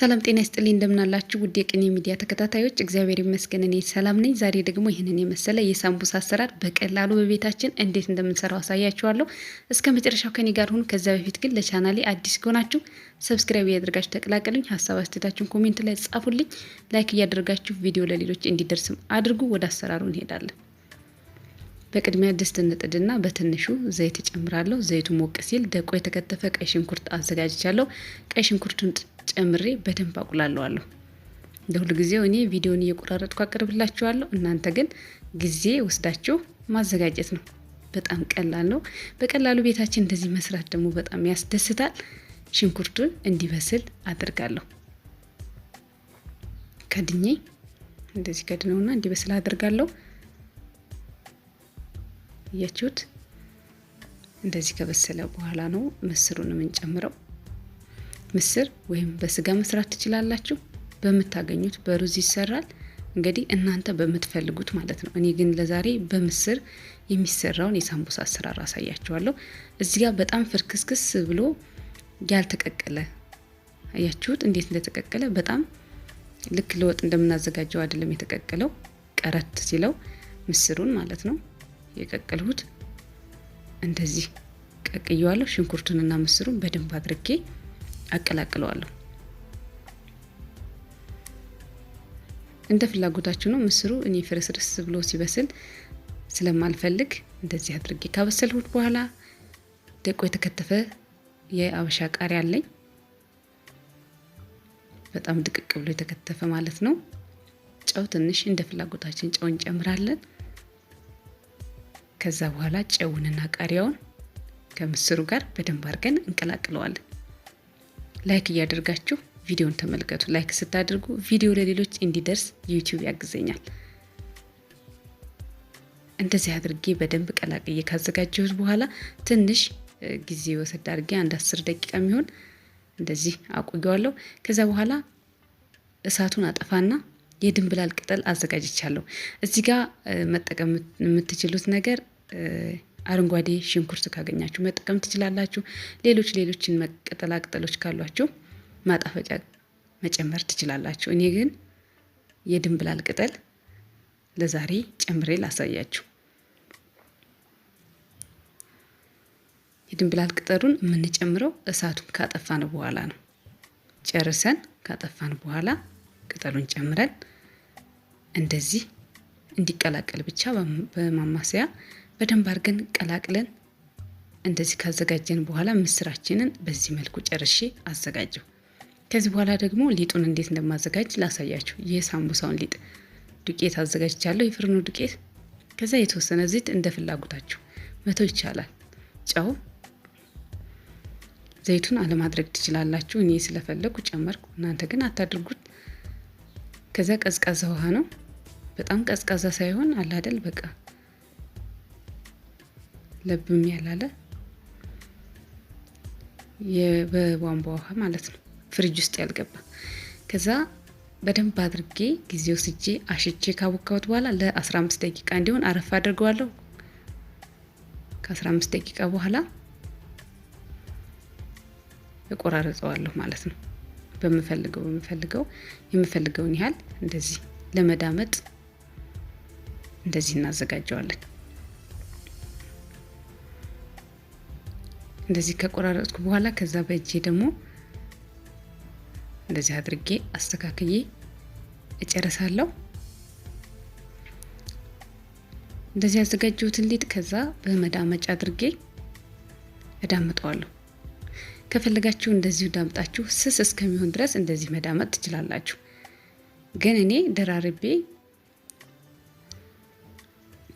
ሰላም ጤና ይስጥልኝ። እንደምናላችሁ ውድ የቅኔ ሚዲያ ተከታታዮች፣ እግዚአብሔር ይመስገን እኔ ሰላም ነኝ። ዛሬ ደግሞ ይህንን የመሰለ የሳምቡስ አሰራር በቀላሉ በቤታችን እንዴት እንደምንሰራው አሳያችኋለሁ። እስከ መጨረሻው ከኔ ጋር ሁኑ። ከዚያ በፊት ግን ለቻናሌ አዲስ ከሆናችሁ ሰብስክራይብ እያደርጋችሁ ተቀላቀሉኝ። ሀሳብ አስተያየታችሁን ኮሜንት ላይ ጻፉልኝ። ላይክ እያደርጋችሁ ቪዲዮ ለሌሎች እንዲደርስም አድርጉ። ወደ አሰራሩ እንሄዳለን። በቅድሚያ ድስት እንጥድና በትንሹ ዘይት እጨምራለሁ። ዘይቱ ሞቅ ሲል ደቆ የተከተፈ ቀይ ሽንኩርት አዘጋጅቻለሁ። ቀይ ሽንኩርቱን ጨምሬ በደንብ አቁላለዋለሁ። እንደ ጊዜው እኔ ቪዲዮን እየቆራረጥኩ አቀርብላችኋለሁ። እናንተ ግን ጊዜ ወስዳችሁ ማዘጋጀት ነው። በጣም ቀላል ነው። በቀላሉ ቤታችን እንደዚህ መስራት ደግሞ በጣም ያስደስታል። ሽንኩርቱን እንዲበስል አድርጋለሁ። ከድኜ እንደዚህ ከድነውና እንዲበስል አድርጋለሁ። እያችሁት እንደዚህ ከበሰለ በኋላ ነው ምስሩን የምንጨምረው። ምስር ወይም በስጋ መስራት ትችላላችሁ። በምታገኙት በሩዝ ይሰራል። እንግዲህ እናንተ በምትፈልጉት ማለት ነው። እኔ ግን ለዛሬ በምስር የሚሰራውን የሳምቡሳ አሰራር አሳያችኋለሁ። እዚህ ጋር በጣም ፍርክስክስ ብሎ ያልተቀቀለ አያችሁት እንዴት እንደተቀቀለ በጣም ልክ ለወጥ እንደምናዘጋጀው አይደለም የተቀቀለው። ቀረት ሲለው ምስሩን ማለት ነው የቀቀልሁት። እንደዚህ ቀቅየዋለሁ። ሽንኩርቱንና ምስሩን በደንብ አድርጌ አቀላቅለዋለሁ። እንደ ፍላጎታችሁ ነው ምስሩ። እኔ ፍርስርስ ብሎ ሲበስል ስለማልፈልግ እንደዚህ አድርጌ ካበሰልሁት በኋላ ደቆ የተከተፈ የአበሻ ቃሪያ አለኝ። በጣም ድቅቅ ብሎ የተከተፈ ማለት ነው። ጨው ትንሽ እንደ ፍላጎታችን ጨው እንጨምራለን። ከዛ በኋላ ጨውንና ቃሪያውን ከምስሩ ጋር በደንብ አድርገን እንቀላቅለዋለን። ላይክ እያደርጋችሁ ቪዲዮን ተመልከቱ። ላይክ ስታደርጉ ቪዲዮ ለሌሎች እንዲደርስ ዩቲዩብ ያግዘኛል። እንደዚህ አድርጌ በደንብ ቀላቅዬ ካዘጋጀሁት በኋላ ትንሽ ጊዜ ወሰድ አድርጌ አንድ አስር ደቂቃ የሚሆን እንደዚህ አቆየዋለሁ። ከዚያ በኋላ እሳቱን አጠፋና የድንብላል ቅጠል አዘጋጅቻለሁ። እዚህ ጋር መጠቀም የምትችሉት ነገር አረንጓዴ ሽንኩርት ካገኛችሁ መጠቀም ትችላላችሁ። ሌሎች ሌሎችን ቅጠላ ቅጠሎች ካሏችሁ ማጣፈጫ መጨመር ትችላላችሁ። እኔ ግን የድንብላል ቅጠል ለዛሬ ጨምሬ ላሳያችሁ። የድንብላል ቅጠሉን የምንጨምረው እሳቱን ካጠፋን በኋላ ነው። ጨርሰን ካጠፋን በኋላ ቅጠሉን ጨምረን እንደዚህ እንዲቀላቀል ብቻ በማማሰያ በደንብ አርገን ቀላቅለን እንደዚህ ካዘጋጀን በኋላ ምስራችንን በዚህ መልኩ ጨርሼ አዘጋጀው። ከዚህ በኋላ ደግሞ ሊጡን እንዴት እንደማዘጋጅ ላሳያችሁ። ሳምቡሳውን ሊጥ ዱቄት አዘጋጅቻለሁ፣ የፍርኖ ዱቄት። ከዛ የተወሰነ ዘይት እንደ ፍላጎታችሁ መቶ ይቻላል። ጨው፣ ዘይቱን አለማድረግ ትችላላችሁ። እኔ ስለፈለጉ ጨመርኩ፣ እናንተ ግን አታድርጉት። ከዛ ቀዝቃዛ ውሃ ነው፣ በጣም ቀዝቃዛ ሳይሆን አላደል በቃ ለብም ያላለ በቧንቧ ውሃ ማለት ነው፣ ፍሪጅ ውስጥ ያልገባ። ከዛ በደንብ አድርጌ ጊዜ ወስጄ አሽቼ ካቦካሁት በኋላ ለ15 ደቂቃ እንዲሆን አረፍ አድርገዋለሁ። ከ15 ደቂቃ በኋላ እቆራረጠዋለሁ ማለት ነው። በምፈልገው በምፈልገው የምፈልገውን ያህል እንደዚህ ለመዳመጥ እንደዚህ እናዘጋጀዋለን። እንደዚህ ከቆራረጥኩ በኋላ ከዛ በእጄ ደግሞ እንደዚህ አድርጌ አስተካክዬ እጨርሳለሁ። እንደዚህ ያዘጋጀሁትን ሊጥ ከዛ በመዳመጫ አድርጌ እዳምጠዋለሁ። ከፈለጋችሁ እንደዚሁ ዳምጣችሁ ስስ እስከሚሆን ድረስ እንደዚህ መዳመጥ ትችላላችሁ። ግን እኔ ደራርቤ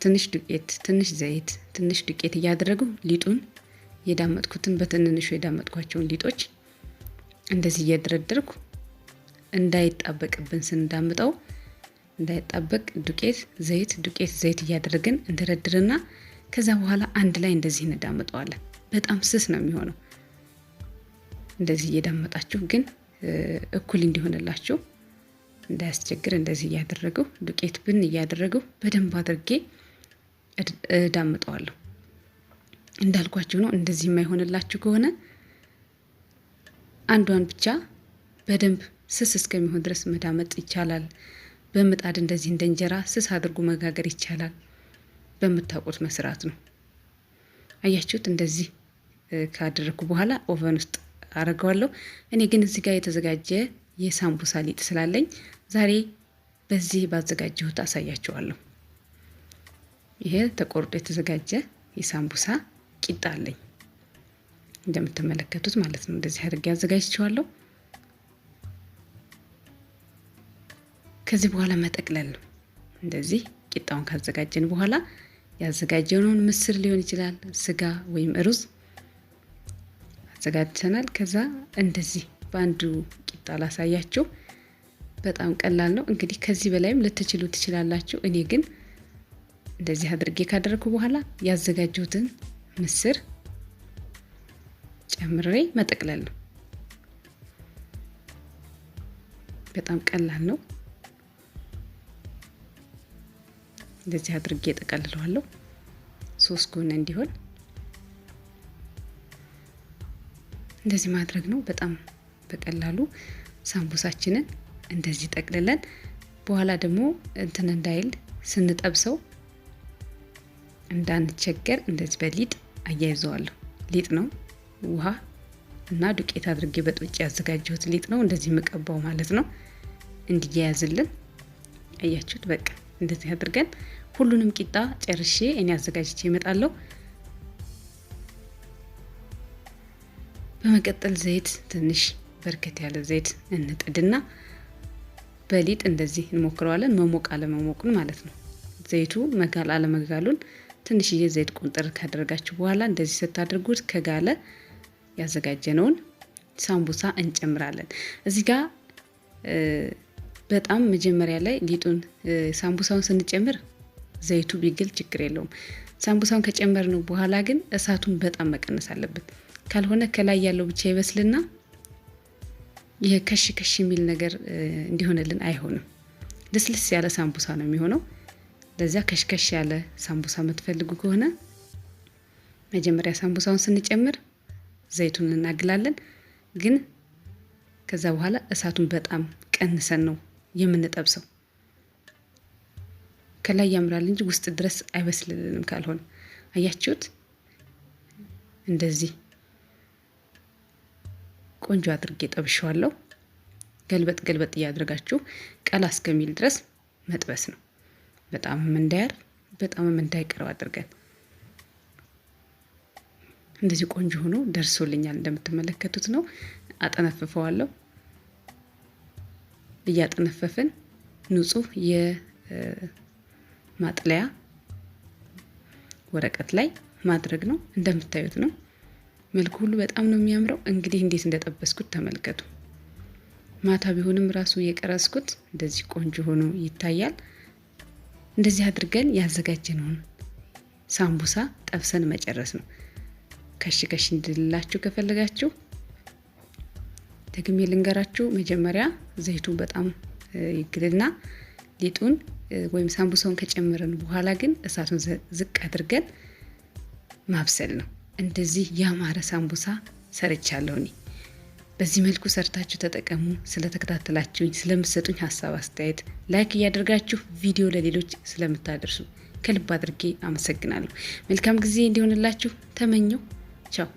ትንሽ ዱቄት፣ ትንሽ ዘይት፣ ትንሽ ዱቄት እያደረጉ ሊጡን የዳመጥኩትን በትንንሹ የዳመጥኳቸውን ሊጦች እንደዚህ እየደረደርኩ እንዳይጣበቅብን ስንዳምጠው እንዳይጣበቅ ዱቄት ዘይት ዱቄት ዘይት እያደረግን እንደረድርና ከዛ በኋላ አንድ ላይ እንደዚህ እንዳምጠዋለን። በጣም ስስ ነው የሚሆነው። እንደዚህ እየዳመጣችሁ ግን እኩል እንዲሆንላችሁ እንዳያስቸግር እንደዚህ እያደረገው ዱቄት ብን እያደረገው በደንብ አድርጌ እዳምጠዋለሁ። እንዳልኳችሁ ነው። እንደዚህ የማይሆንላችሁ ከሆነ አንዷን ብቻ በደንብ ስስ እስከሚሆን ድረስ መዳመጥ ይቻላል። በምጣድ እንደዚህ እንደ እንጀራ ስስ አድርጎ መጋገር ይቻላል። በምታውቁት መስራት ነው። አያችሁት? እንደዚህ ካደረግኩ በኋላ ኦቨን ውስጥ አረገዋለሁ። እኔ ግን እዚህ ጋር የተዘጋጀ የሳምቡሳ ሊጥ ስላለኝ ዛሬ በዚህ ባዘጋጀሁት አሳያችኋለሁ። ይሄ ተቆርጦ የተዘጋጀ የሳምቡሳ ቂጣ አለኝ እንደምትመለከቱት ማለት ነው። እንደዚህ አድርጌ አዘጋጅቼዋለሁ። ከዚህ በኋላ መጠቅለል ነው። እንደዚህ ቂጣውን ካዘጋጀን በኋላ ያዘጋጀነውን ምስር ሊሆን ይችላል፣ ስጋ ወይም ሩዝ አዘጋጅተናል። ከዛ እንደዚህ በአንዱ ቂጣ ላሳያችሁ። በጣም ቀላል ነው። እንግዲህ ከዚህ በላይም ልትችሉ ትችላላችሁ። እኔ ግን እንደዚህ አድርጌ ካደረግኩ በኋላ ያዘጋጀሁትን ምስር ጨምሬ መጠቅለል ነው። በጣም ቀላል ነው። እንደዚህ አድርጌ ጠቀልለዋለሁ ሶስት ጎን እንዲሆን እንደዚህ ማድረግ ነው። በጣም በቀላሉ ሳምቡሳችንን እንደዚህ ጠቅልለን በኋላ ደግሞ እንትን እንዳይል ስንጠብሰው እንዳንቸገር እንደዚህ በሊጥ አያይዘዋለሁ። ሊጥ ነው ውሃ እና ዱቄት አድርጌ በጥብጭ ያዘጋጀሁት ሊጥ ነው። እንደዚህ የምቀባው ማለት ነው እንዲያያዝልን። አያችሁት? በቃ እንደዚህ አድርገን ሁሉንም ቂጣ ጨርሼ እኔ አዘጋጅቼ ይመጣለሁ በመቀጠል ዘይት ትንሽ በርከት ያለ ዘይት እንጥድና በሊጥ እንደዚህ እንሞክረዋለን። መሞቅ አለመሞቁን ማለት ነው። ዘይቱ መጋል አለመጋሉን ትንሽዬ ዘይት ቁንጥር ካደረጋችሁ በኋላ እንደዚህ ስታደርጉት ከጋለ ያዘጋጀነውን ሳምቡሳ እንጨምራለን። እዚህ ጋር በጣም መጀመሪያ ላይ ሊጡን ሳምቡሳውን ስንጨምር ዘይቱ ቢግል ችግር የለውም። ሳምቡሳውን ከጨመርነው በኋላ ግን እሳቱን በጣም መቀነስ አለበት። ካልሆነ ከላይ ያለው ብቻ ይበስልና ይሄ ከሽ ከሽ የሚል ነገር እንዲሆንልን አይሆንም። ልስልስ ያለ ሳምቡሳ ነው የሚሆነው። ለዚያ ከሽከሽ ያለ ሳምቡሳ የምትፈልጉ ከሆነ መጀመሪያ ሳምቡሳውን ስንጨምር ዘይቱን እናግላለን። ግን ከዛ በኋላ እሳቱን በጣም ቀንሰን ነው የምንጠብሰው። ከላይ ያምራል እንጂ ውስጥ ድረስ አይበስልልንም። ካልሆነ አያችሁት፣ እንደዚህ ቆንጆ አድርጌ ጠብሸዋለሁ። ገልበጥ ገልበጥ እያደረጋችሁ ቀላ እስከሚል ድረስ መጥበስ ነው። በጣምም እንዳያር በጣምም እንዳይቀረው አድርገን እንደዚህ ቆንጆ ሆኖ ደርሶልኛል። እንደምትመለከቱት ነው። አጠነፍፈዋለሁ። እያጠነፈፍን ንጹህ የማጥለያ ወረቀት ላይ ማድረግ ነው። እንደምታዩት ነው። መልኩ ሁሉ በጣም ነው የሚያምረው። እንግዲህ እንዴት እንደጠበስኩት ተመልከቱ። ማታ ቢሆንም ራሱ የቀረስኩት እንደዚህ ቆንጆ ሆኖ ይታያል። እንደዚህ አድርገን ያዘጋጀነውን ሳምቡሳ ጠብሰን መጨረስ ነው። ከሽ ከሽ እንድልላችሁ ከፈለጋችሁ ደግሜ ልንገራችሁ። መጀመሪያ ዘይቱ በጣም ይግልና ሊጡን ወይም ሳምቡሳውን ከጨመረን በኋላ ግን እሳቱን ዝቅ አድርገን ማብሰል ነው። እንደዚህ ያማረ ሳምቡሳ ሰርቻለሁ እኔ። በዚህ መልኩ ሰርታችሁ ተጠቀሙ። ስለተከታተላችሁኝ፣ ስለምትሰጡኝ ሀሳብ አስተያየት ላይክ እያደርጋችሁ ቪዲዮ ለሌሎች ስለምታደርሱ ከልብ አድርጌ አመሰግናለሁ። መልካም ጊዜ እንዲሆንላችሁ ተመኘው። ቻው